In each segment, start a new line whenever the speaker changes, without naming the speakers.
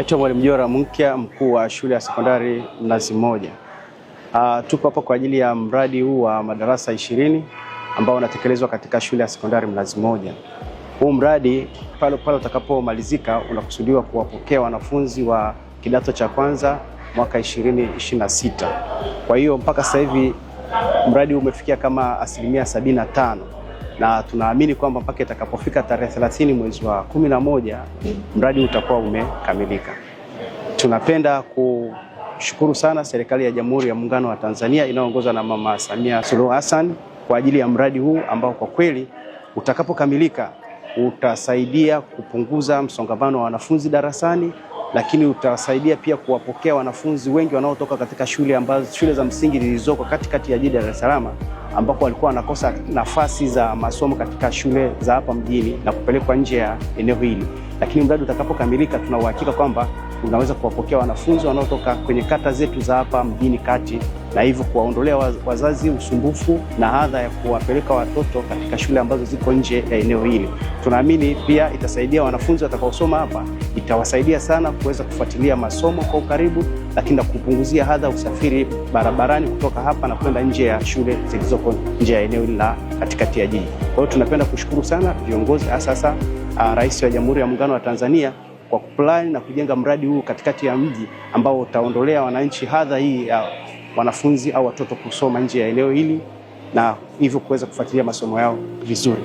Naitwa Mwalimu Jora Munkya, mkuu wa shule ya sekondari Mnazi Mmoja. Uh, tupo hapa kwa ajili ya mradi huu wa madarasa ishirini ambao unatekelezwa katika shule ya sekondari Mnazi Mmoja. Huu mradi pale pale utakapomalizika unakusudiwa kuwapokea wanafunzi wa kidato cha kwanza mwaka 2026. Kwa hiyo mpaka sasa hivi mradi umefikia kama asilimia 75 na tunaamini kwamba mpaka itakapofika tarehe 30 mwezi wa kumi na moja mradi utakuwa umekamilika. Tunapenda kushukuru sana serikali ya Jamhuri ya Muungano wa Tanzania inayoongozwa na Mama Samia Suluhu Hassan kwa ajili ya mradi huu ambao kwa kweli utakapokamilika utasaidia kupunguza msongamano wa wanafunzi darasani, lakini utasaidia pia kuwapokea wanafunzi wengi wanaotoka katika shule ambazo shule za msingi zilizoko katikati ya jiji Dar es Salaam ambapo walikuwa wanakosa nafasi za masomo katika shule za hapa mjini na kupelekwa nje ya eneo hili, lakini mradi utakapokamilika tuna uhakika kwamba unaweza kuwapokea wanafunzi wanaotoka kwenye kata zetu za hapa mjini kati, na hivyo kuwaondolea wazazi usumbufu na adha ya kuwapeleka watoto katika shule ambazo ziko nje ya eneo hili. Tunaamini pia itasaidia wanafunzi watakaosoma hapa, itawasaidia sana kuweza kufuatilia masomo kwa ukaribu, lakini na kupunguzia hadha usafiri barabarani kutoka hapa na kwenda nje ya shule zilizoko nje ya eneo la katikati ya jiji. Kwa hiyo tunapenda kushukuru sana viongozi, hasa ah, Rais wa Jamhuri ya Muungano wa Tanzania kwa kuplani na kujenga mradi huu katikati ya mji ambao utaondolea wananchi hadha hii ya wanafunzi au watoto kusoma nje ya eneo hili na hivyo kuweza kufuatilia masomo yao vizuri.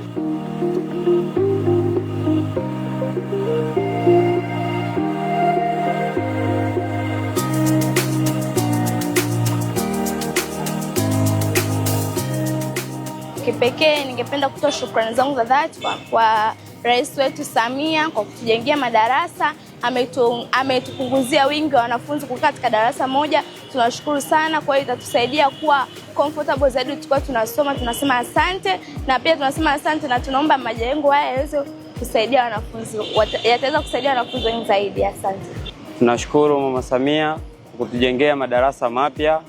Kipekee ningependa kutoa shukrani zangu za dhati kwa Rais wetu Samia kwa kutujengea madarasa, ametupunguzia ame wingi wa wanafunzi kukaa katika darasa moja. Tunashukuru sana, kwa hiyo itatusaidia kuwa comfortable zaidi tukiwa tunasoma. Tunasema asante, na pia tunasema asante, na tunaomba majengo haya yaweze kusaidia wanafunzi, yataweza kusaidia wanafunzi wengi zaidi. Asante.
Tunashukuru Mama Samia kwa kutujengea madarasa mapya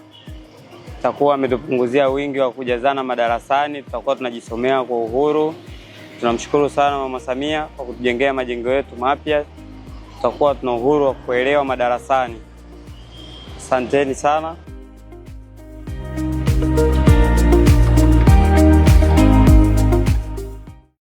takuwa ametupunguzia wingi wa kujazana madarasani, tutakuwa tunajisomea kwa uhuru. Tunamshukuru sana Mama Samia kwa kutujengea majengo yetu mapya, tutakuwa tuna uhuru wa kuelewa madarasani. Asanteni sana.